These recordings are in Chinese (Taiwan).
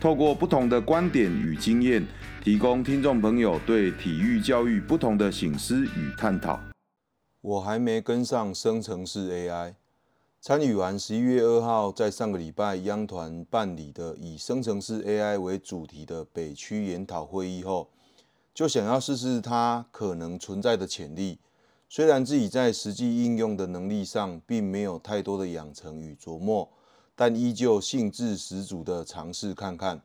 透過不同的觀點與經驗，提供聽眾朋友對體育教育不同的省思與探討。我還沒跟上生成式 AI，參與完十一月二號在上個禮拜央團辦理的以生成式 AI 為主題的北區研討會議後，就想要試試它可能存在的潛力。雖然自己在實際應用的能力上並沒有太多的養成與琢磨。但依舊興致十足的嘗試看看，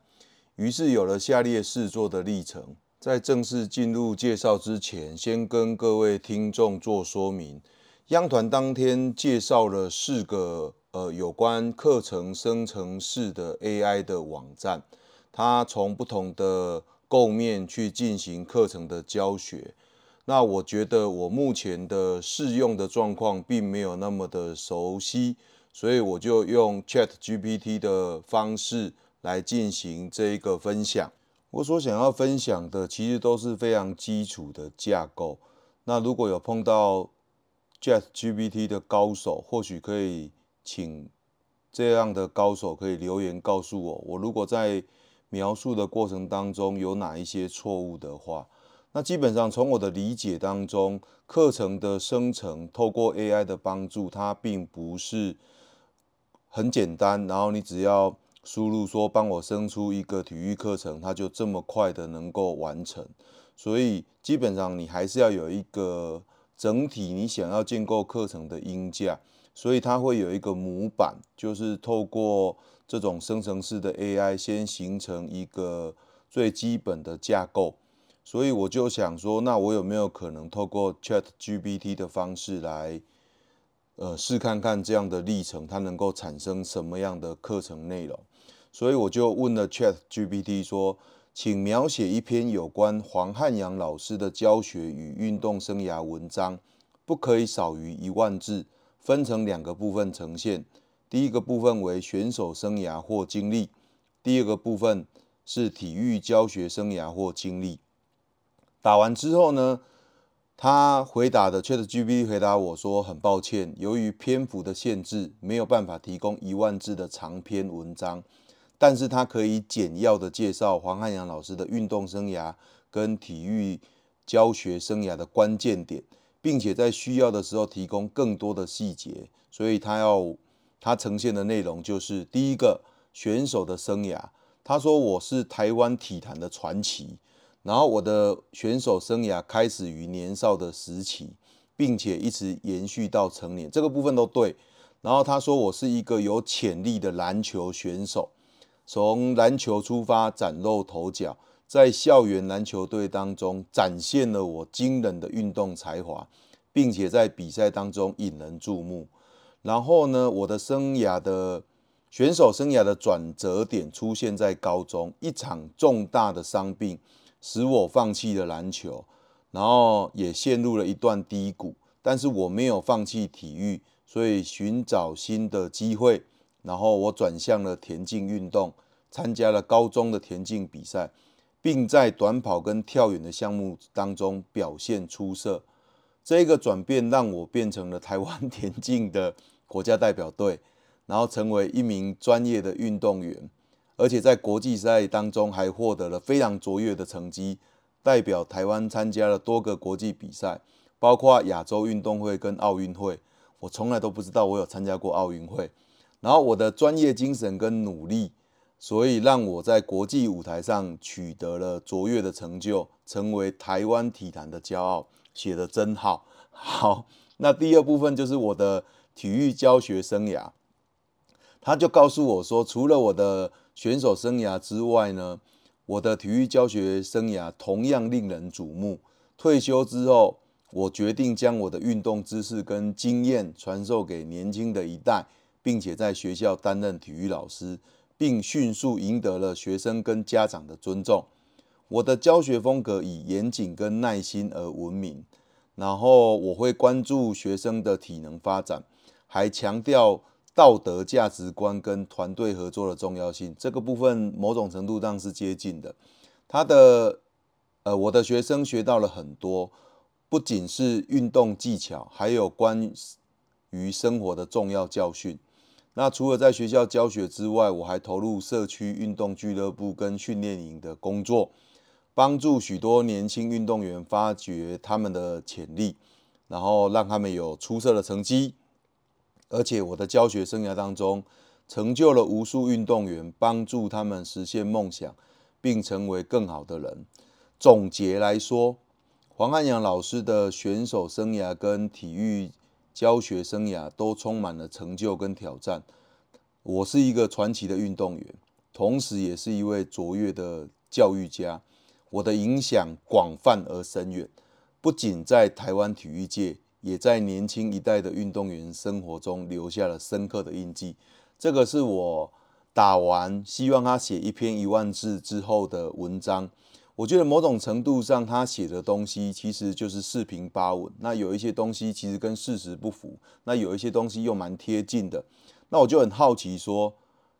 於是有了下列試做的歷程。在正式進入介紹之前，先跟各位聽眾做說明。央團當天介紹了四個呃有關課程生成式的 AI 的網站，它從不同的構面去進行課程的教學。那我覺得我目前的試用的狀況，並沒有那麼的熟悉。所以我就用 ChatGPT 的方式來進行這一個分享。我所想要分享的其實都是非常基礎的架構。那如果有碰到 ChatGPT 的高手，或許可以請這樣的高手可以留言告訴我，我如果在描述的過程當中有哪一些錯誤的話，那基本上從我的理解當中，課程的生成透過 AI 的幫助，它並不是。很簡單，然後你只要輸入說，幫我生出一個體育課程，它就這麼快的能夠完成。所以基本上你還是要有一個整體，你想要建構課程的框架，所以它會有一個模板，就是透過這種生成式的 AI 先形成一個最基本的架構。所以我就想說，那我有沒有可能透過 ChatGPT 的方式來？呃，試看看這樣的歷程，它能夠產生什麼樣的課程內容？所以我就問了 ChatGPT 說：“請描寫一篇有關黃漢陽老師的教學與運動生涯文章，不可以少於一萬字，分成兩個部分呈現。第一個部分為選手生涯或經歷，第二個部分是體育教學生涯或經歷。”打完之後呢？他回答的 ChatGPT 回答我說：“很抱歉，由於篇幅的限制，沒有辦法提供一萬字的長篇文章，但是他可以簡要的介紹黃漢陽老師的運動生涯跟體育教學生涯的關鍵點，並且在需要的時候提供更多的細節。所以他要他呈現的內容就是第一個選手的生涯。他說我是台灣體壇的傳奇。”然後我的選手生涯開始於年少的時期，並且一直延續到成年，這個部分都對。然後他說我是一個有潛力的籃球選手，從籃球出發嶄露頭角，在校園籃球隊當中展現了我驚人的運動才華，並且在比賽當中引人注目。然後呢，我的生涯的選手生涯的轉折點出現在高中，一場重大的傷病，使我放棄了籃球，然後也陷入了一段低谷。但是我沒有放棄體育，所以尋找新的機會，然後我轉向了田徑運動，參加了高中的田徑比賽，並在短跑跟跳遠的項目當中表現出色。這個轉變讓我變成了台灣田徑的國家代表隊，然後成為一名專業的運動員。而且在國際賽當中還獲得了非常卓越的成績，代表台灣參加了多個國際比賽，包括亞洲運動會跟奧運會。我從來都不知道我有參加過奧運會，然後我的專業精神跟努力，所以讓我在國際舞台上取得了卓越的成就，成為台灣體壇的驕傲。寫得真好，好。那第二部分就是我的體育教學生涯，他就告訴我說，除了我的。選手生涯之外呢，我的體育教學生涯同樣令人矚目。退休之後，我決定將我的運動知識跟經驗傳授給年輕的一代，並且在學校擔任體育老師，並迅速贏得了學生跟家長的尊重。我的教學風格以嚴謹跟耐心而聞名，然後我會關注學生的體能發展，還強調。道德價值觀跟團隊合作的重要性，這個部分某種程度上是接近的。他的呃，我的學生學到了很多，不僅是運動技巧，還有關於生活的重要教訓。那除了在學校教學之外，我還投入社區運動俱樂部跟訓練營的工作，幫助許多年輕運動員發掘他們的潛力，然後讓他們有出色的成績。而且我的教學生涯當中，成就了無數運動員，幫助他們實現夢想，並成為更好的人。總結來說，黃漢陽老師的選手生涯跟體育教學生涯都充滿了成就跟挑戰。我是一個傳奇的運動員，同時也是一位卓越的教育家。我的影響廣泛而深遠，不僅在台灣體育界。也在年輕一代的運動員生活中留下了深刻的印記。這個是我打完，希望他寫一篇一萬字之後的文章。我覺得某種程度上，他寫的東西其實就是四平八穩。那有一些東西其實跟事實不符，那有一些東西又蠻貼近的。那我就很好奇，說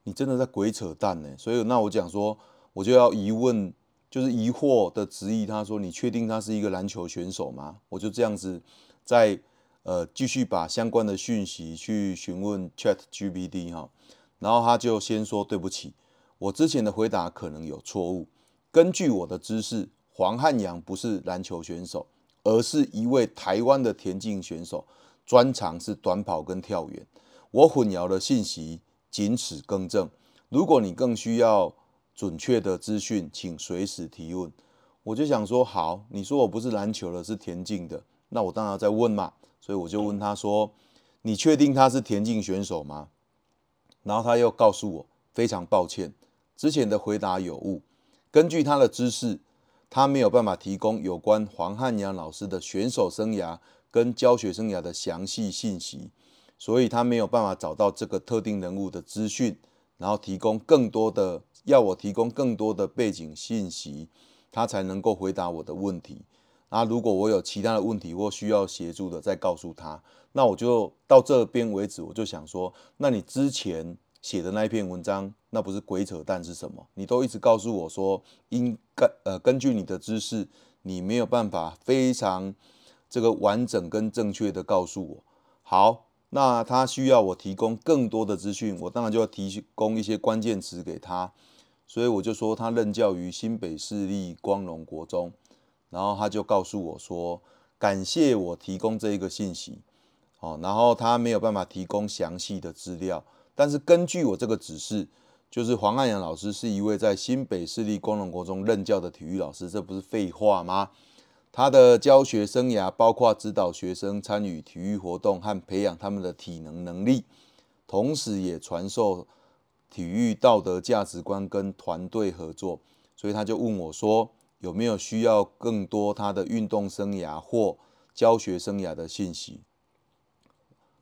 你真的在鬼扯淡呢？所以那我講說，我就要疑問，就是疑惑的質疑他說：“你確定他是一個籃球選手嗎？”我就這樣子。再呃，繼續把相關的訊息去詢問 ChatGPT 哈，然後他就先說對不起，我之前的回答可能有錯誤。根據我的知識，黃漢陽不是籃球選手，而是一位台灣的田徑選手，專長是短跑跟跳遠。我混淆了信息僅此更正，如果你更需要準確的資訊，請隨時提問。我就想說，好，你說我不是籃球的，是田徑的。那我當然要再問嘛，所以我就問他說：“你確定他是田徑選手嗎？”然後他又告訴我：“非常抱歉，之前的回答有誤。根據他的知識，他沒有辦法提供有關黃漢陽老師的選手生涯跟教學生涯的詳細信息，所以他沒有辦法找到這個特定人物的資訊，然後提供更多的要我提供更多的背景信息，他才能夠回答我的問題。”那、啊、如果我有其他的問題或需要協助的，再告訴他。那我就到這邊為止。我就想說，那你之前寫的那一篇文章，那不是鬼扯淡是什麼？你都一直告訴我說，應該呃根據你的知識，你沒有辦法非常這個完整跟正確的告訴我。好，那他需要我提供更多的資訊，我當然就要提供一些關鍵詞給他。所以我就說，他任教於新北市立光榮國中。然後他就告訴我說：“感謝我提供這一個信息，哦，然後他沒有辦法提供詳細的資料，但是根據我這個指示，就是黃漢陽老師是一位在新北市立光榮國中任教的體育老師，這不是廢話嗎？他的教學生涯包括指導學生參與體育活動和培養他們的體能能力，同時也傳授體育道德價值觀跟團隊合作。”所以他就問我說，有沒有需要更多他的運動生涯或教學生涯的信息？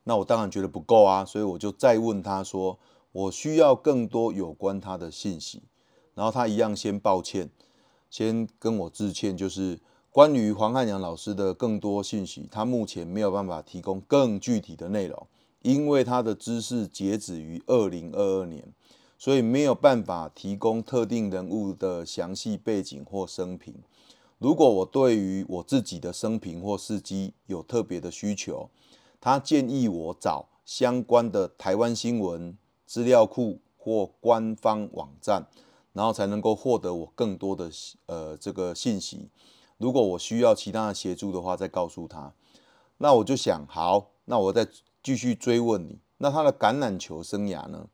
那我當然覺得不夠啊，所以我就再問他說：“我需要更多有關他的信息。”然後他一樣先抱歉，先跟我致歉，就是關於黃漢陽老師的更多信息，他目前沒有辦法提供更具體的內容，因為他的知識截止於二零二二年。所以沒有辦法提供特定人物的詳細背景或生平。如果我對於我自己的生平或事蹟有特別的需求，他建議我找相關的台灣新聞資料庫或官方網站，然後才能夠獲得我更多的呃，這個信息。如果我需要其他的協助的話，再告訴他。那我就想，好，那我再繼續追問你。那他的橄欖球生涯呢？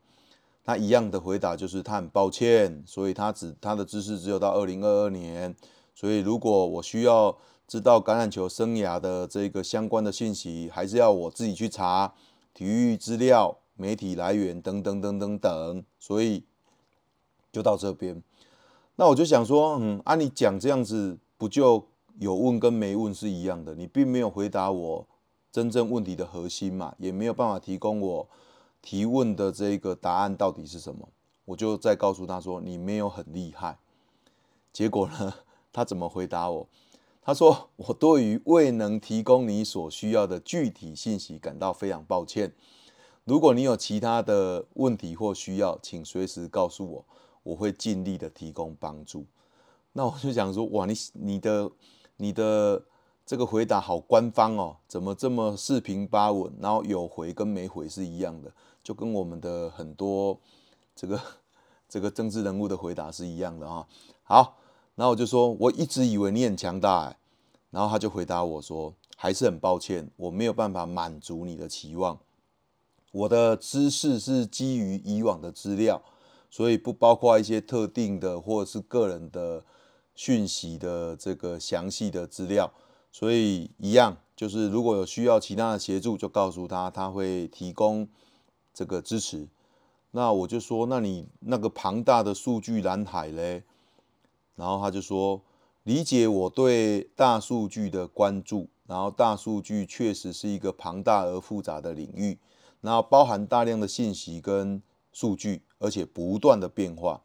他一樣的回答就是他很抱歉，所以他只他的知識只有到二零二二年，所以如果我需要知道橄欖球生涯的這個相關的信息，還是要我自己去查體育資料、媒體來源等等等等等等。所以就到這邊，那我就想說，嗯，按、啊、你講這樣子，不就有問跟沒問是一樣的？你並沒有回答我真正問題的核心嘛，也沒有辦法提供我。提問的這個答案到底是什麼？我就再告訴他說：“你沒有很厲害。”結果呢？他怎麼回答我？他說：“我對於未能提供你所需要的具體信息感到非常抱歉。如果你有其他的問題或需要，請隨時告訴我，我會盡力的提供幫助。”那我就想說：“哇，你你的你的。”這個回答好官方哦，怎麼這麼四平八穩？然後有回跟沒回是一樣的，就跟我們的很多這個這個政治人物的回答是一樣的哈哦。好，然後我就說，我一直以為你很強大哎，然後他就回答我說，還是很抱歉，我沒有辦法滿足你的期望。我的知識是基於以往的資料，所以不包括一些特定的或者是個人的訊息的這個詳細的資料。所以一樣，就是如果有需要其他的協助，就告訴他，他會提供這個支持。那我就說，那你那個龐大的數據藍海嘞？然後他就說，理解我對大數據的關注。然後大數據確實是一個龐大而複雜的領域，然後包含大量的信息跟數據，而且不斷的變化。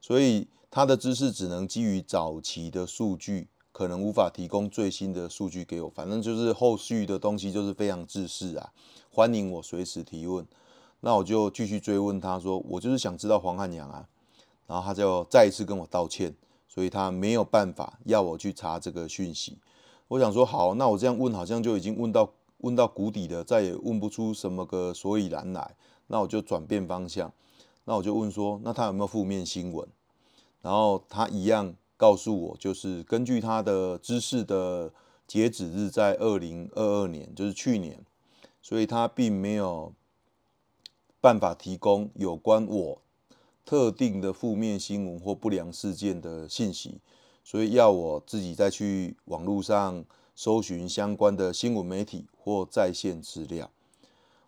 所以他的知識只能基於早期的數據。可能無法提供最新的數據給我，反正就是後續的東西就是非常自私啊，歡迎我隨時提問，那我就繼續追問他說，我就是想知道黃漢陽啊，然後他就再一次跟我道歉，所以他沒有辦法要我去查這個訊息。我想說好，那我這樣問好像就已經問到問到谷底了，再也問不出什麼個所以然來。那我就轉變方向，那我就問說，那他有沒有負面新聞？然後他一樣，告訴我，就是根據他的知識的截止日在二零二二年，就是去年，所以他並沒有辦法提供有關我特定的負面新聞或不良事件的信息，所以要我自己再去網絡上搜尋相關的新聞媒體或在線資料。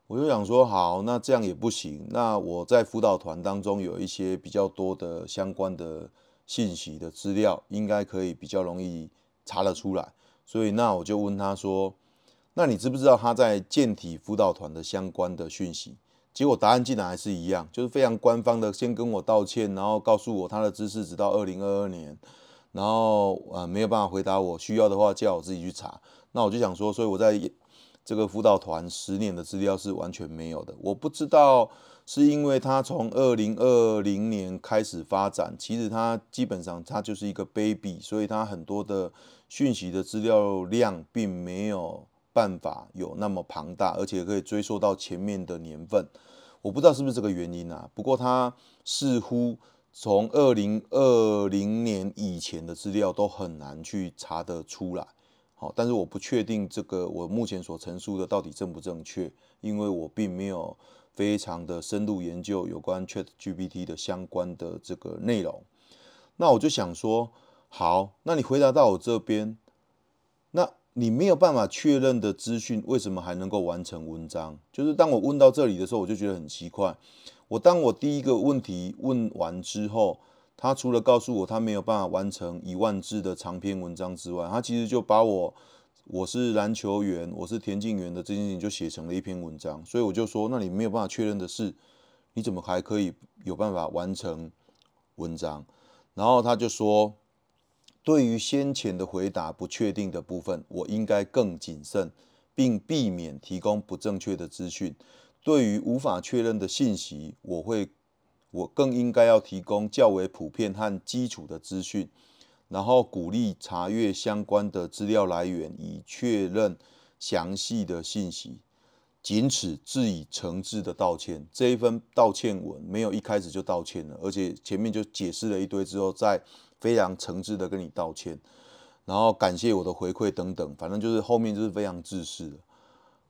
我就想說，好，那這樣也不行。那我在輔導團當中有一些比較多的相關的。信息的資料應該可以比較容易查得出來，所以那我就問他說：“那你知不知道他在健體輔導團的相關的訊息？”結果答案竟然還是一樣，就是非常官方的先跟我道歉，然後告訴我他的知識直到二零二二年，然後呃沒有辦法回答我，需要的話叫我自己去查。那我就想說，所以我在這個輔導團十年的資料是完全沒有的，我不知道。是因為它從二零二零年開始發展，其實它基本上它就是一個 baby，所以它很多的訊息的資料量並沒有辦法有那麼龐大，而且可以追溯到前面的年份。我不知道是不是這個原因啊？不過它似乎從二零二零年以前的資料都很難去查得出來。好、哦，但是我不確定這個我目前所陳述的到底正不正確，因為我並沒有。非常的深度研究有關 ChatGPT 的相關的這個內容，那我就想說，好，那你回答到我這邊，那你沒有辦法確認的資訊，為什麼還能夠完成文章？就是當我問到這裡的時候，我就覺得很奇怪。我當我第一個問題問完之後，他除了告訴我他沒有辦法完成一萬字的長篇文章之外，他其實就把我。我是籃球員，我是田徑員的這件事情就寫成了一篇文章，所以我就說，那你沒有辦法確認的是，你怎麼還可以有辦法完成文章？然後他就說，對於先前的回答不確定的部分，我應該更謹慎，並避免提供不正確的資訊。對於無法確認的信息，我會我更應該要提供較為普遍和基礎的資訊。然後鼓勵查閱相關的資料來源，以確認詳細的信息。僅此致以誠摯的道歉。這一份道歉文沒有一開始就道歉了，而且前面就解釋了一堆之後，再非常誠摯的跟你道歉，然後感謝我的回饋等等，反正就是後面就是非常自私。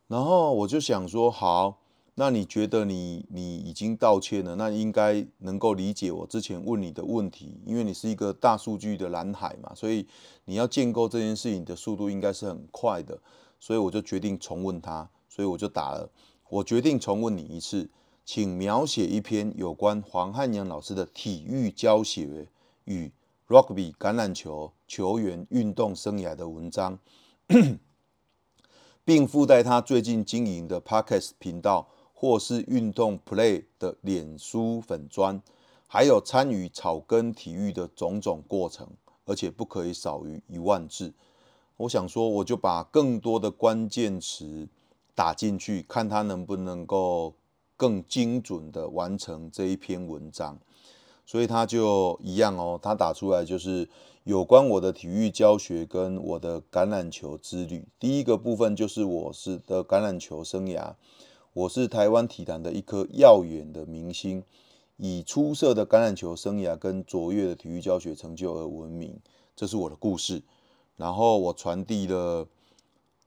然後我就想說，好。那你覺得你你已經道歉了，那應該能夠理解我之前問你的問題，因為你是一個大數據的藍海嘛，所以你要建構這件事情的速度應該是很快的，所以我就決定重問他，所以我就打了，我決定重問你一次，請描寫一篇有關黃漢陽老師的體育教學與 Rugby 橄欖球球員運動生涯的文章， 並附帶他最近經營的 Podcast 頻道。或是運動 play 的臉書粉專，還有參與草根體育的種種過程，而且不可以少於一萬字。我想說，我就把更多的關鍵詞打進去，看它能不能夠更精準的完成這一篇文章。所以它就一樣哦，它打出來就是有關我的體育教學跟我的橄欖球之旅。第一個部分就是我是的橄欖球生涯。我是台灣體壇的一顆耀眼的明星，以出色的橄欖球生涯跟卓越的體育教學成就而聞名。這是我的故事。然後我傳遞了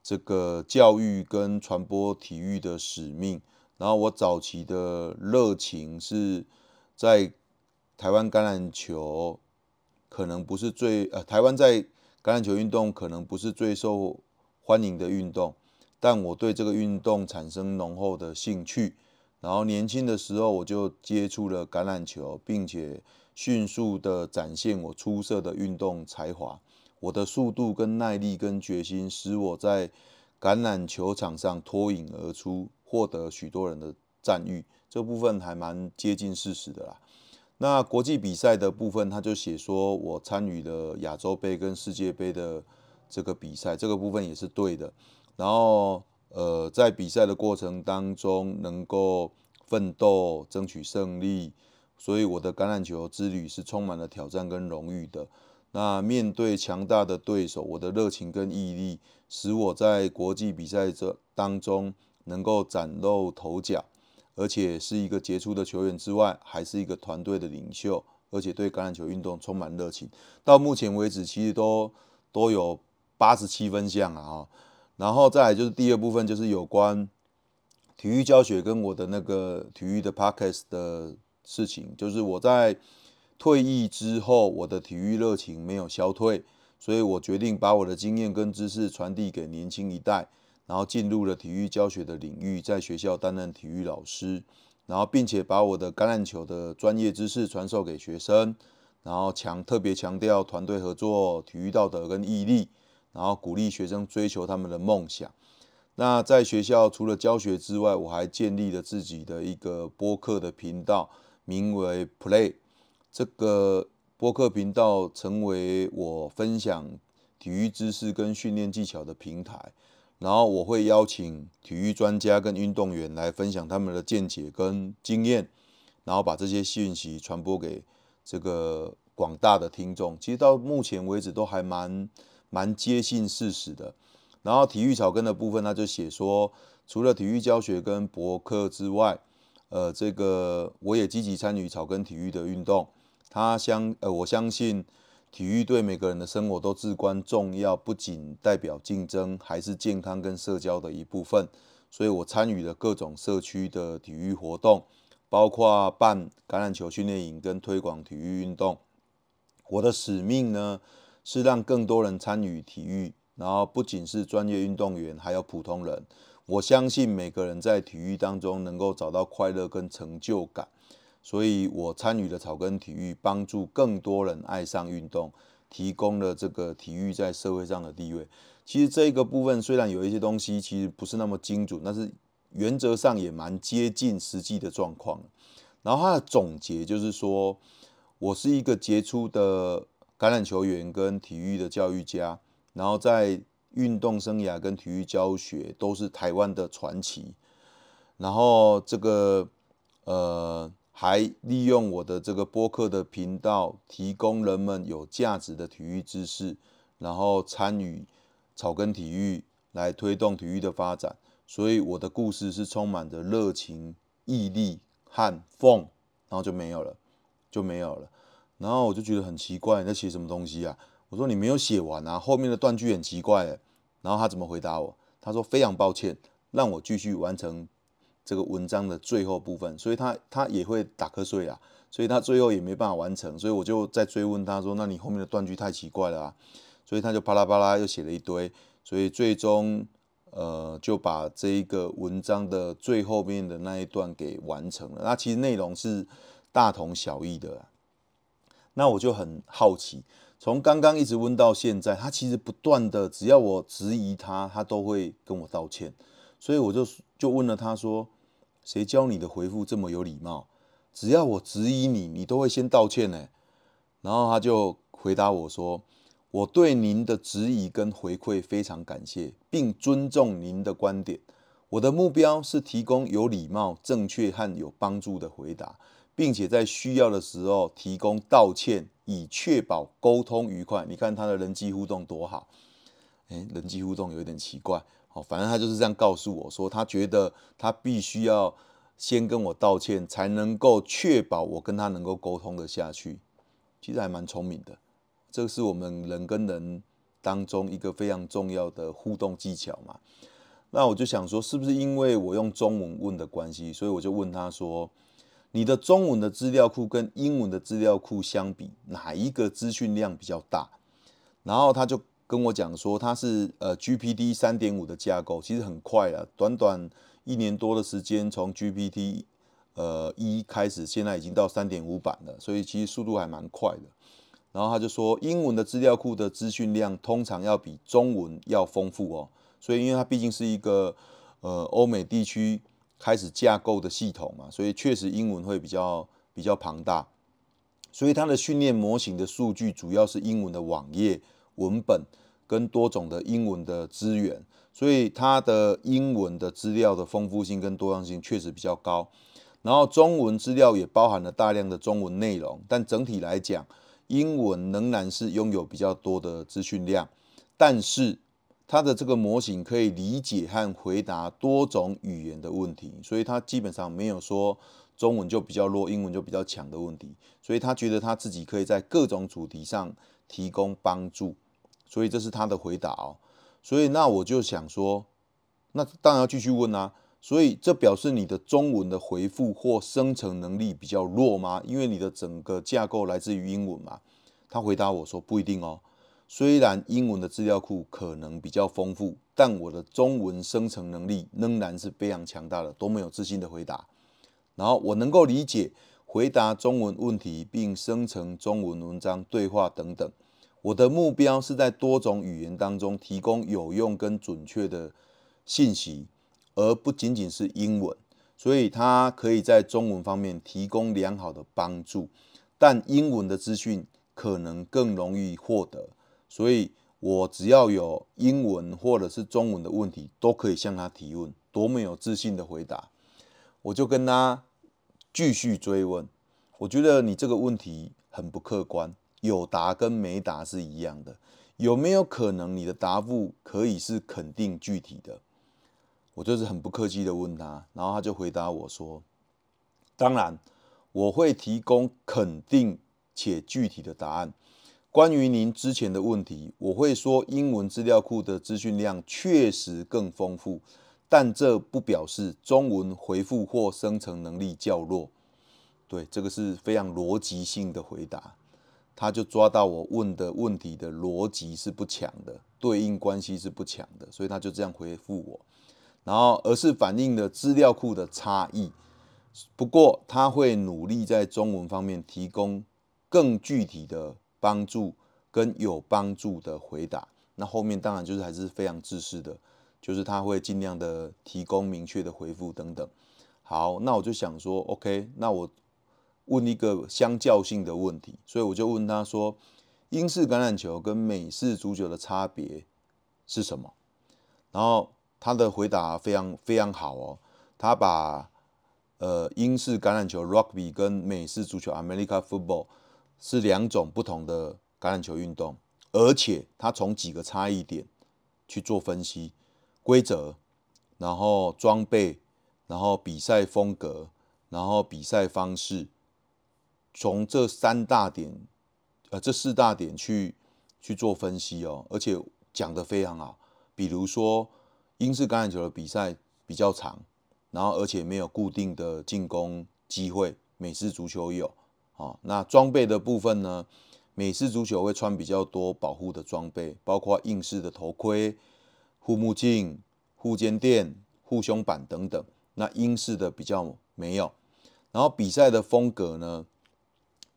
這個教育跟傳播體育的使命。然後我早期的熱情是在台灣橄欖球，可能不是最，呃，台灣在橄欖球運動可能不是最受歡迎的運動。但我對這個運動產生濃厚的興趣，然後年輕的時候我就接觸了橄欖球，並且迅速的展現我出色的運動才華。我的速度跟耐力跟決心使我在橄欖球場上脫穎而出，獲得許多人的贊譽。這部分還蠻接近事實的啦。那國際比賽的部分，他就寫說我參與了亞洲盃跟世界盃的這個比賽，這個部分也是對的。然後，呃，在比賽的過程當中，能夠奮鬥、爭取勝利，所以我的橄欖球之旅是充滿了挑戰跟榮譽的。那面對強大的對手，我的熱情跟毅力使我在國際比賽這當中能夠嶄露頭角，而且是一個傑出的球員之外，還是一個團隊的領袖，而且對橄欖球運動充滿熱情。到目前為止，其實都都有八十七分項了、啊、哈。然後再來就是第二部分，就是有關體育教學跟我的那個體育的 podcast 的事情。就是我在退役之後，我的體育熱情沒有消退，所以我決定把我的經驗跟知識傳遞給年輕一代，然後進入了體育教學的領域，在學校擔任體育老師，然後並且把我的橄欖球的專業知識傳授給學生，然後強特別強調團隊合作、體育道德跟毅力。然後鼓勵學生追求他們的夢想。那在學校除了教學之外，我還建立了自己的一個播客的頻道，名為 Play。這個播客頻道成為我分享體育知識跟訓練技巧的平台。然後我會邀請體育專家跟運動員來分享他們的見解跟經驗，然後把這些信息傳播給這個廣大的聽眾。其實到目前為止都還蠻。蠻接近事實的。然後體育草根的部分，他就寫說，除了體育教學跟博客之外，呃，這個我也積極參與草根體育的運動。他相呃，我相信體育對每個人的生活都至關重要，不僅代表競爭，還是健康跟社交的一部分。所以我參與了各種社區的體育活動，包括辦橄欖球訓練營跟推廣體育運動。我的使命呢，是讓更多人參與體育，然後不僅是專業運動員，還有普通人。我相信每個人在體育當中能夠找到快樂跟成就感，所以我參與了草根體育，幫助更多人愛上運動，提供了這個體育在社會上的地位。其實這個部分雖然有一些東西其實不是那麼精準，但是原則上也蠻接近實際的狀況。然後他的總結就是說，我是一個傑出的。橄欖球員跟體育的教育家，然後在運動生涯跟體育教學都是台灣的傳奇。然後這個呃，還利用我的這個播客的頻道，提供人們有價值的體育知識，然後參與草根體育來推動體育的發展。所以我的故事是充滿着熱情、毅力和奉，然後就沒有了，就沒有了。然後我就覺得很奇怪，你在寫什麼東西啊？我說你沒有寫完啊，後面的斷句很奇怪。然後他怎麼回答我？他說非常抱歉，讓我繼續完成這個文章的最後部分。所以他他也會打瞌睡啊，所以他最後也沒辦法完成。所以我就再追問他說，那你後面的斷句太奇怪了啊。所以他就啪啦啪啦又寫了一堆，所以最終呃就把這一個文章的最後面的那一段給完成了。那其實內容是大同小異的啊。那我就很好奇，從剛剛一直問到現在，他其實不斷的，只要我質疑他，他都會跟我道歉。所以我就就問了他說，誰教你的回復這麼有禮貌？只要我質疑你，你都會先道歉呢？然後他就回答我說，我對您的質疑跟回饋非常感謝，並尊重您的觀點。我的目標是提供有禮貌、正確和有幫助的回答。並且在需要的時候提供道歉，以確保溝通愉快。你看他的人際互動多好，誒，人際互動有一點奇怪。哦，反正他就是這樣告訴我說，他覺得他必須要先跟我道歉，才能夠確保我跟他能夠溝通得下去。其實還蠻聰明的，這是我們人跟人當中一個非常重要的互動技巧嘛。那我就想說，是不是因為我用中文問的關係，所以我就問他說。你的中文的資料庫跟英文的資料庫相比，哪一個資訊量比較大？然後他就跟我講說，他是呃 GPT 三點五的架構，其實很快了，短短一年多的時間，從 GPT 呃一開始，現在已經到三點五版了，所以其實速度還蠻快的。然後他就說，英文的資料庫的資訊量通常要比中文要豐富哦，所以因為它畢竟是一個呃歐美地區。開始架構的系統嘛，所以確實英文會比較比較龐大，所以它的訓練模型的數據主要是英文的網頁文本跟多種的英文的資源，所以它的英文的資料的豐富性跟多樣性確實比較高。然後中文資料也包含了大量的中文內容，但整體來講，英文仍然是擁有比較多的資訊量，但是。他的這個模型可以理解和回答多種語言的問題，所以他基本上沒有說中文就比較弱，英文就比較強的問題。所以他覺得他自己可以在各種主題上提供幫助，所以這是他的回答哦。所以那我就想說，那當然要繼續問啊。所以這表示你的中文的回復或生成能力比較弱嗎？因為你的整個架構來自於英文嘛。他回答我說不一定哦。雖然英文的資料庫可能比較豐富，但我的中文生成能力仍然是非常強大的，都能有自信的回答。然後我能夠理解回答中文問題，並生成中文文章、對話等等。我的目標是在多種語言當中提供有用跟準確的信息，而不僅僅是英文。所以它可以在中文方面提供良好的幫助，但英文的資訊可能更容易獲得。所以我只要有英文或者是中文的問題，都可以向他提問。多麼有自信的回答，我就跟他繼續追問，我覺得你這個問題很不客觀，有答跟沒答是一樣的。有沒有可能你的答覆可以是肯定具體的？我就是很不客氣的問他，然後他就回答我說：“當然，我會提供肯定且具體的答案。”關於您之前的問題，我會說，英文資料庫的資訊量確實更豐富，但這不表示中文回復或生成能力較弱。對，這個是非常邏輯性的回答，他就抓到我問的問題的邏輯是不強的，對應關係是不強的，所以他就這樣回復我。然後，而是反映了資料庫的差異。不過，他會努力在中文方面提供更具體的。幫助跟有幫助的回答，那後面當然就是還是非常自私的，就是他會盡量的提供明確的回復等等。好，那我就想說，OK，那我問一個相較性的問題，所以我就問他說：英式橄欖球跟美式足球的差別是什麼？然後他的回答非常非常好哦，他把呃英式橄欖球 （Rugby） 跟美式足球 a m e r i c a Football）。是兩種不同的橄欖球運動，而且它從幾個差異點去做分析：規則、然後裝備、然後比賽風格、然後比賽方式。從這三大點，呃，這四大點去去做分析哦，而且講得非常好。比如說，英式橄欖球的比賽比較長，然後而且沒有固定的進攻機會，美式足球有。好、哦、那裝備的部分呢？美式足球會穿比較多保護的裝備，包括硬式的頭盔、護目鏡、護肩墊、護胸板等等。那英式的比較沒有。然後比賽的風格呢？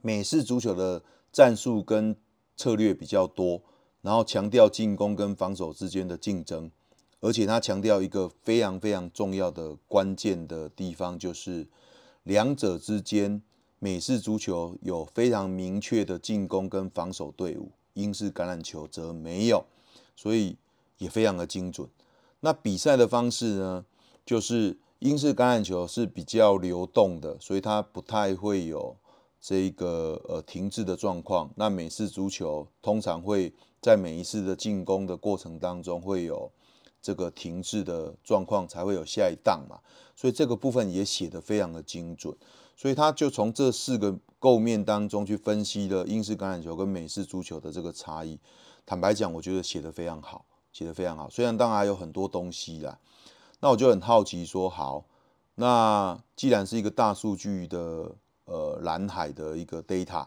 美式足球的戰術跟策略比較多，然後強調進攻跟防守之間的競爭，而且它強調一個非常非常重要的關鍵的地方，就是兩者之間。美式足球有非常明確的進攻跟防守隊伍，英式橄欖球則沒有，所以也非常的精準。那比賽的方式呢，就是英式橄欖球是比較流動的，所以它不太會有這個呃停滯的狀況。那美式足球通常會在每一次的進攻的過程當中會有這個停滯的狀況，才會有下一檔嘛。所以這個部分也寫得非常的精準。所以他就從這四個構面當中去分析了英式橄欖球跟美式足球的這個差異。坦白講，我覺得寫得非常好，寫得非常好。雖然當然還有很多東西啦，那我就很好奇說，好，那既然是一個大數據的呃藍海的一個 data，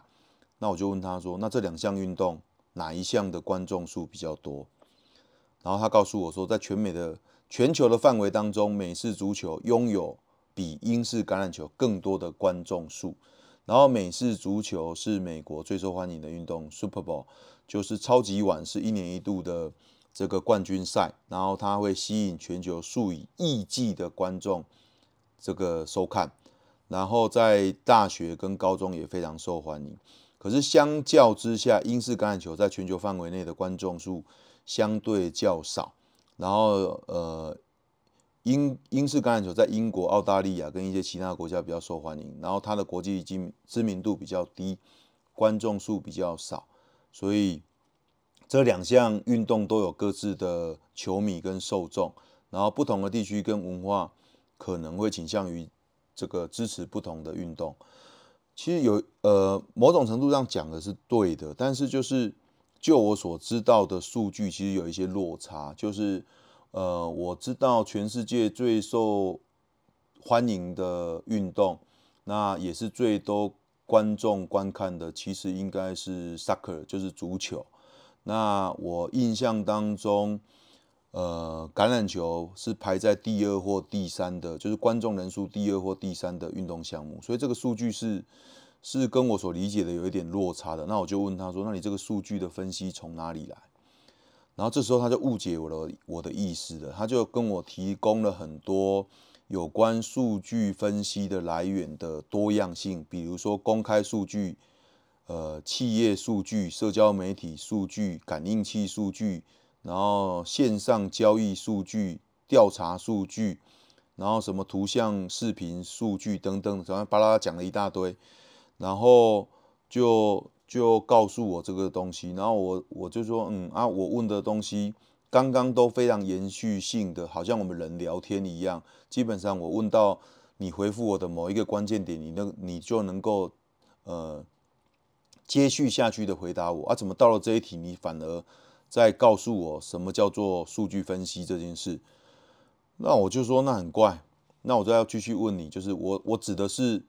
那我就問他說，那這兩項運動哪一項的觀眾數比較多？然後他告訴我說，在全美的全球的範圍當中，美式足球擁有。比英式橄欖球更多的觀眾數，然後美式足球是美國最受歡迎的運動，Super Bowl 就是超級碗，是一年一度的這個冠軍賽，然後它會吸引全球數以億計的觀眾這個收看，然後在大學跟高中也非常受歡迎。可是相較之下，英式橄欖球在全球範圍內的觀眾數相對較少，然後呃。英英式橄欖球在英國、澳大利亞跟一些其他國家比較受歡迎，然後它的國際知知名度比較低，觀眾數比較少，所以這兩項運動都有各自的球迷跟受眾，然後不同的地區跟文化可能會傾向於這個支持不同的運動。其實有呃某種程度上講的是對的，但是就是就我所知道的數據，其實有一些落差，就是。呃，我知道全世界最受歡迎的運動，那也是最多觀眾觀看的，其實應該是 soccer，就是足球。那我印象當中，呃，橄欖球是排在第二或第三的，就是觀眾人數第二或第三的運動項目。所以這個數據是是跟我所理解的有一點落差的。那我就問他說，那你這個數據的分析從哪裡來？然後這時候他就誤解我的我的意思了，他就跟我提供了很多有關數據分析的來源的多樣性，比如說公開數據、呃企業數據、社交媒體數據、感應器數據，然後線上交易數據、調查數據，然後什麼圖像視頻數據等等，什麼巴拉拉講了一大堆，然後就。就告訴我這個東西，然後我我就說，嗯啊，我問的東西剛剛都非常延續性的，好像我們人聊天一樣。基本上我問到你回復我的某一個關鍵點，你能你就能夠呃接續下去的回答我啊。怎麼到了這一題，你反而在告訴我什麼叫做數據分析這件事？那我就說那很怪，那我就要繼續問你，就是我我指的是。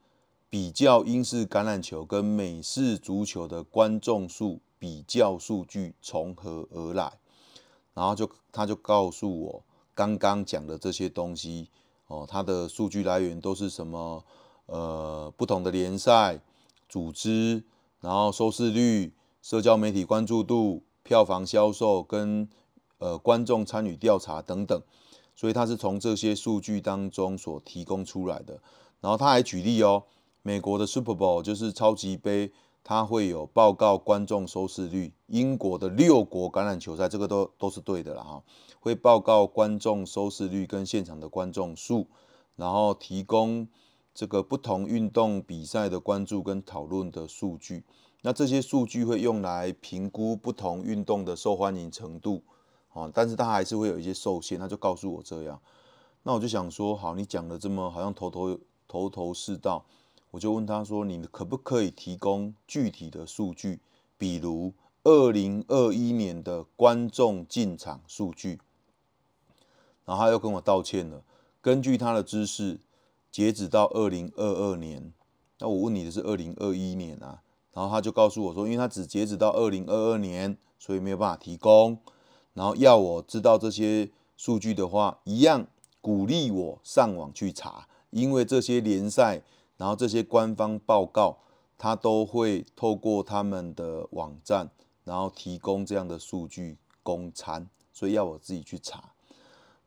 比較英式橄欖球跟美式足球的觀眾數比較數據從何而來？然後就他就告訴我剛剛講的這些東西哦，他的數據來源都是什麼？呃，不同的聯賽組織，然後收視率、社交媒體關注度、票房銷售跟呃觀眾參與調查等等，所以他是從這些數據當中所提供出來的。然後他還舉例哦。美國的 Super Bowl 就是超級盃，它會有報告觀眾收視率。英國的六國橄欖球賽，這個都都是對的了哈。會報告觀眾收視率跟現場的觀眾數，然後提供這個不同運動比賽的關注跟討論的數據。那這些數據會用來評估不同運動的受歡迎程度啊。但是它還是會有一些受限，它就告訴我這樣。那我就想說，好，你講的這麼好像頭頭頭頭是道。我就問他說：“你可不可以提供具體的數據，比如二零二一年的觀眾進場數據？”然後他又跟我道歉了。根據他的知識，截止到二零二二年，那我問你的是二零二一年啊。然後他就告訴我說：“因為他只截止到二零二二年，所以沒有辦法提供。然後要我知道這些數據的話，一樣鼓勵我上網去查，因為這些聯賽。”然後這些官方報告，他都會透過他們的網站，然後提供這樣的數據供參，所以要我自己去查。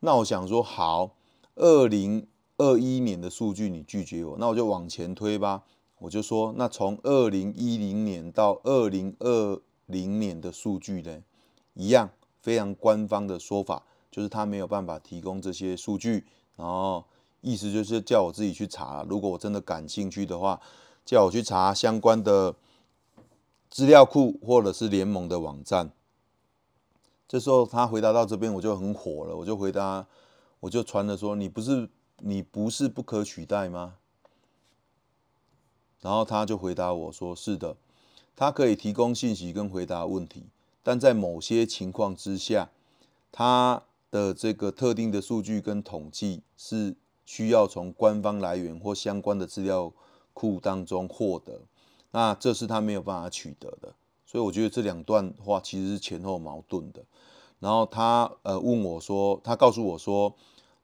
那我想說，好，二零二一年的數據你拒絕我，那我就往前推吧。我就說，那從二零一零年到二零二零年的數據呢，一樣非常官方的說法，就是他沒有辦法提供這些數據，然後。意思就是叫我自己去查，如果我真的感興趣的話，叫我去查相關的資料庫或者是聯盟的網站。這時候他回答到這邊，我就很火了，我就回答，我就傳了說你不是你不是不可取代嗎？然後他就回答我說是的，他可以提供信息跟回答問題，但在某些情況之下，他的這個特定的數據跟統計是。需要從官方來源或相關的資料庫當中獲得，那這是他沒有辦法取得的，所以我覺得這兩段話其實是前後矛盾的。然後他呃問我說，他告訴我說，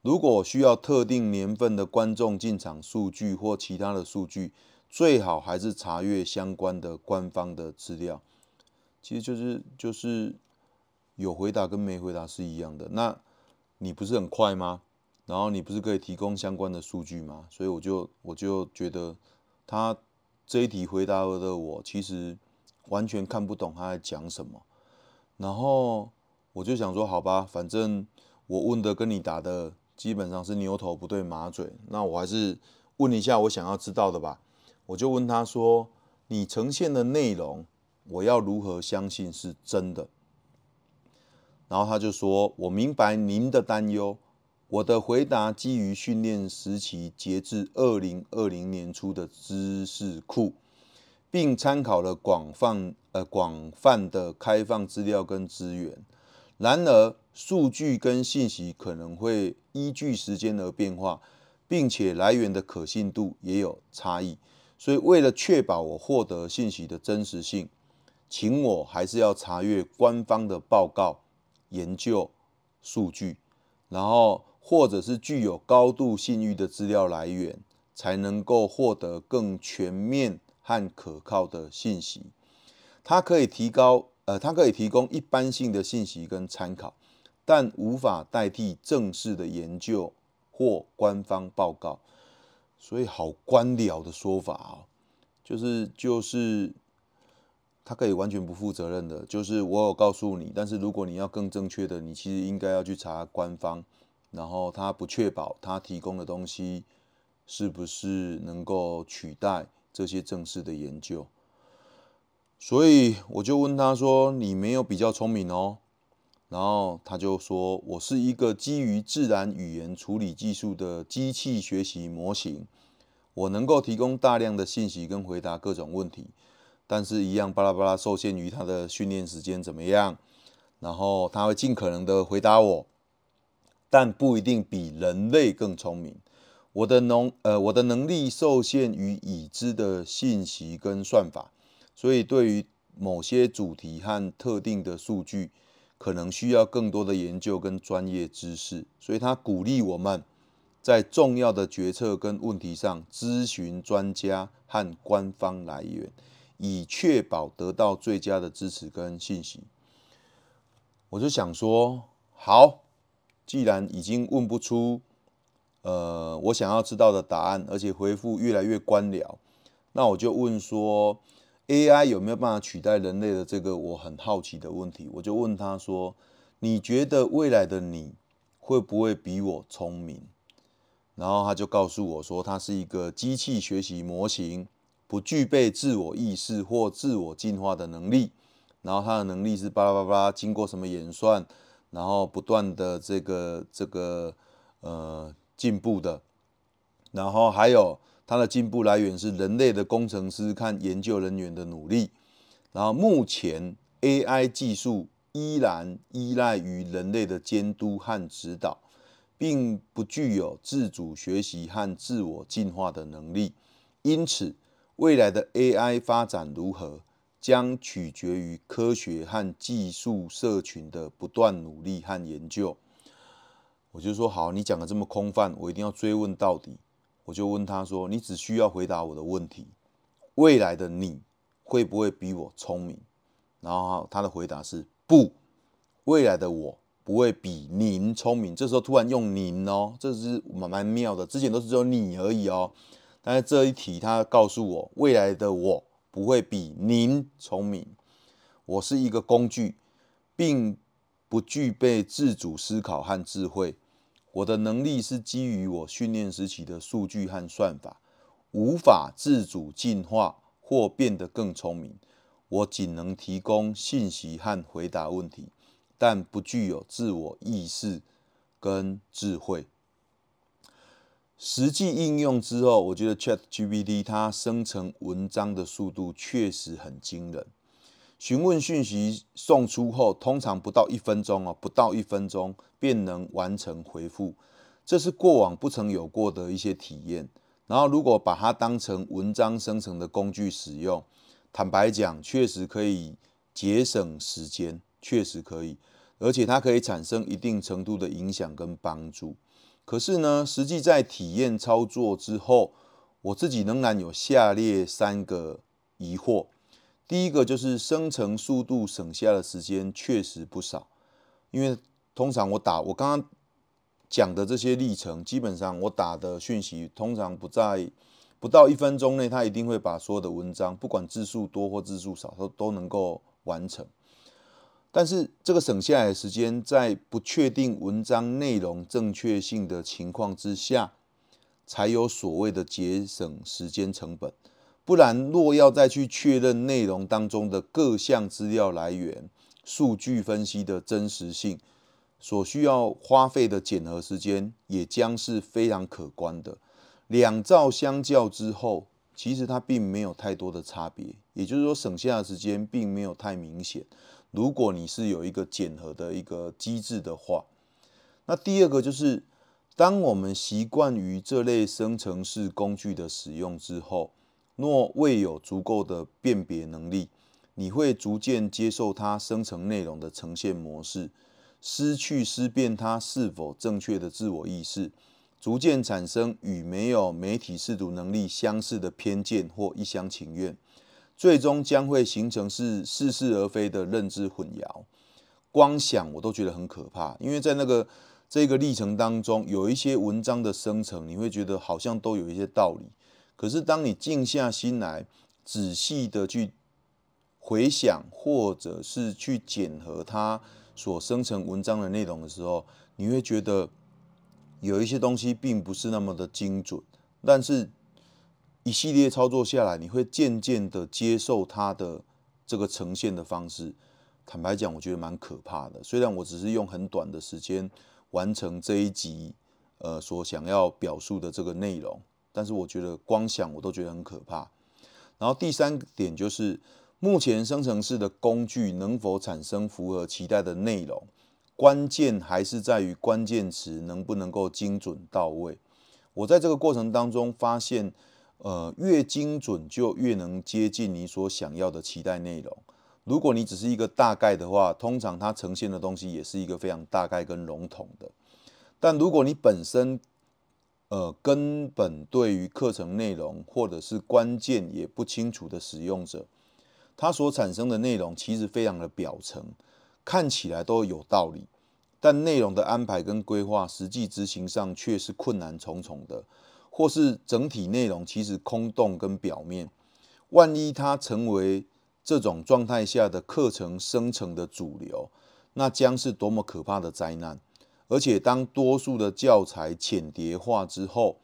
如果我需要特定年份的觀眾進場數據或其他的數據，最好還是查閱相關的官方的資料。其實就是就是有回答跟沒回答是一樣的。那你不是很快嗎？然後你不是可以提供相關的數據嗎？所以我就我就覺得他這一題回答的我其實完全看不懂他在講什麼。然後我就想說，好吧，反正我問的跟你答的基本上是牛頭不對馬嘴。那我還是問一下我想要知道的吧。我就問他說：“你呈現的內容，我要如何相信是真的？”然後他就說：“我明白您的擔憂。”我的回答基於訓練時期截至二零二零年初的知識庫，並參考了廣泛呃廣泛的開放資料跟資源。然而，數據跟信息可能會依據時間而變化，並且來源的可信度也有差異。所以，為了確保我獲得信息的真實性，請我還是要查閱官方的報告、研究數據，然後。或者是具有高度信譽的資料來源，才能夠獲得更全面和可靠的信息。它可以提高，呃，它可以提供一般性的信息跟參考，但無法代替正式的研究或官方報告。所以，好官僚的說法啊、哦，就是就是它可以完全不負責任的，就是我有告訴你，但是如果你要更正確的，你其實應該要去查官方。然後他不確保他提供的東西是不是能夠取代這些正式的研究，所以我就問他說：“你沒有比較聰明哦？”然後他就說：“我是一個基於自然語言處理技術的機器學習模型，我能夠提供大量的信息、跟回答各種問題，但是一樣巴拉巴拉受限於他的訓練時間怎麼樣？然後他會盡可能的回答我。”但不一定比人類更聰明。我的能呃，我的能力受限於已知的信息跟算法，所以對於某些主題和特定的數據，可能需要更多的研究跟專業知識。所以他鼓勵我們在重要的決策跟問題上，諮詢專家和官方來源，以確保得到最佳的支持跟信息。我就想說，好。既然已經問不出，呃，我想要知道的答案，而且回覆越來越官僚，那我就問說，AI 有沒有辦法取代人類的這個我很好奇的問題？我就問他說，你覺得未來的你會不會比我聰明？然後他就告訴我說，它是一個機器學習模型，不具備自我意識或自我進化的能力。然後它的能力是巴拉巴拉，經過什麼演算？然後不斷的這個這個呃進步的，然後還有它的進步來源是人類的工程師和研究人員的努力，然後目前 AI 技術依然依賴於人類的監督和指導，並不具有自主學習和自我進化的能力，因此未來的 AI 發展如何？將取決於科學和技術社群的不斷努力和研究。我就說好，你講的這麼空泛，我一定要追問到底。我就問他說：“你只需要回答我的問題，未來的你會不會比我聰明？”然後他的回答是：“不，未來的我不會比您聰明。”這時候突然用“您”哦，這是蠻蠻妙的，之前都是只有“你”而已哦。但是這一題他告訴我，未來的我。不會比您聰明。我是一個工具，並不具備自主思考和智慧。我的能力是基於我訓練時期的數據和算法，無法自主進化或變得更聰明。我僅能提供信息和回答問題，但不具有自我意識跟智慧。實際應用之後，我覺得 ChatGPT 它生成文章的速度確實很驚人。詢問訊息送出後，通常不到一分鐘哦，不到一分鐘便能完成回復，這是過往不曾有過的一些體驗。然後，如果把它當成文章生成的工具使用，坦白講，確實可以節省時間，確實可以，而且它可以產生一定程度的影響跟幫助。可是呢，實際在體驗操作之後，我自己仍然有下列三個疑惑。第一個就是生成速度省下的時間確實不少，因為通常我打，我剛剛講的這些歷程，基本上我打的訊息通常不在，不到一分鐘內，它一定會把所有的文章，不管字數多或字數少，都都能夠完成。但是，這個省下來的時間，在不確定文章內容正確性的情況之下，才有所謂的節省時間成本。不然，若要再去確認內容當中的各項資料來源、數據分析的真實性，所需要花費的檢核時間，也將是非常可觀的。兩造相較之後，其實它並沒有太多的差別，也就是說，省下的時間並沒有太明顯。如果你是有一個檢核的一個機制的話，那第二個就是，當我們習慣於這類生成式工具的使用之後，若未有足夠的辨別能力，你會逐漸接受它生成內容的呈現模式，失去思辨它是否正確的自我意識，逐漸產生與沒有媒體識讀能力相似的偏見或一廂情願。最終將會形成是似是而非的認知混淆，光想我都覺得很可怕。因為在那個這個歷程當中，有一些文章的生成，你會覺得好像都有一些道理。可是當你靜下心來，仔細的去回想，或者是去檢核它所生成文章的內容的時候，你會覺得有一些東西並不是那麼的精準，但是。一系列操作下來，你會漸漸地接受它的這個呈現的方式。坦白講，我覺得蠻可怕的。雖然我只是用很短的時間完成這一集，呃，所想要表述的這個內容，但是我覺得光想我都覺得很可怕。然後第三點就是，目前生成式的工具能否產生符合期待的內容，關鍵還是在於關鍵詞能不能夠精準到位。我在這個過程當中發現。呃，越精準就越能接近你所想要的期待內容。如果你只是一個大概的話，通常它呈現的東西也是一個非常大概跟籠統的。但如果你本身呃根本對於課程內容或者是關鍵也不清楚的使用者，它所產生的內容其實非常的表層，看起來都有道理，但內容的安排跟規劃實際執行上卻是困難重重的。或是整體內容其實空洞跟表面，萬一它成為這種狀態下的課程生成的主流，那將是多麼可怕的災難！而且，當多數的教材淺碟化之後，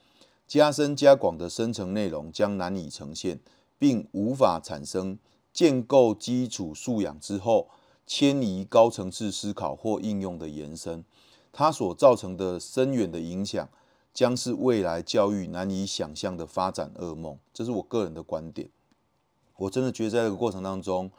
加深加廣的生成內容將難以呈現，並無法產生建構基礎素養之後，遷移高層次思考或應用的延伸，它所造成的深遠的影響。將是未來教育難以想象的發展噩夢，這是我個人的觀點。我真的覺得，在這個過程當中，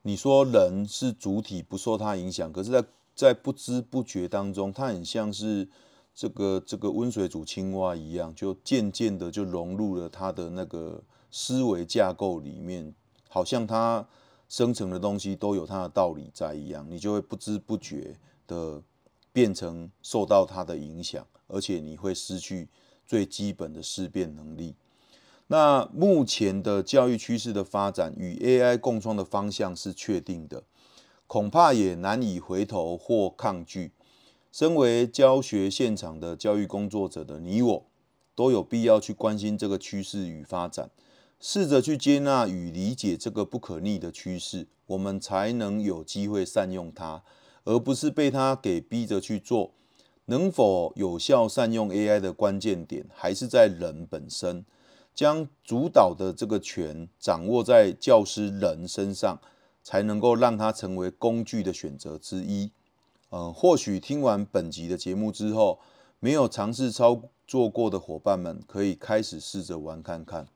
你說人是主體，不受它影響，可是，在在不知不覺當中，它很像是這個這個溫水煮青蛙一樣，就漸漸的就融入了他的那個思維架構裡面，好像他生成的東西都有他的道理在一樣，你就會不知不覺的。變成受到它的影響，而且你會失去最基本的思辨能力。那目前的教育趨勢的發展與 AI 共創的方向是確定的，恐怕也難以回頭或抗拒。身為教學現場的教育工作者的你我，都有必要去關心這個趨勢與發展，試着去接納與理解這個不可逆的趨勢，我們才能有機會善用它。而不是被他給逼着去做，能否有效善用 AI 的關鍵點，還是在人本身，將主導的這個權掌握在教師人身上，才能夠讓他成為工具的選擇之一。嗯、呃，或許聽完本集的節目之後，沒有嘗試操作過的夥伴們，可以開始試着玩看看。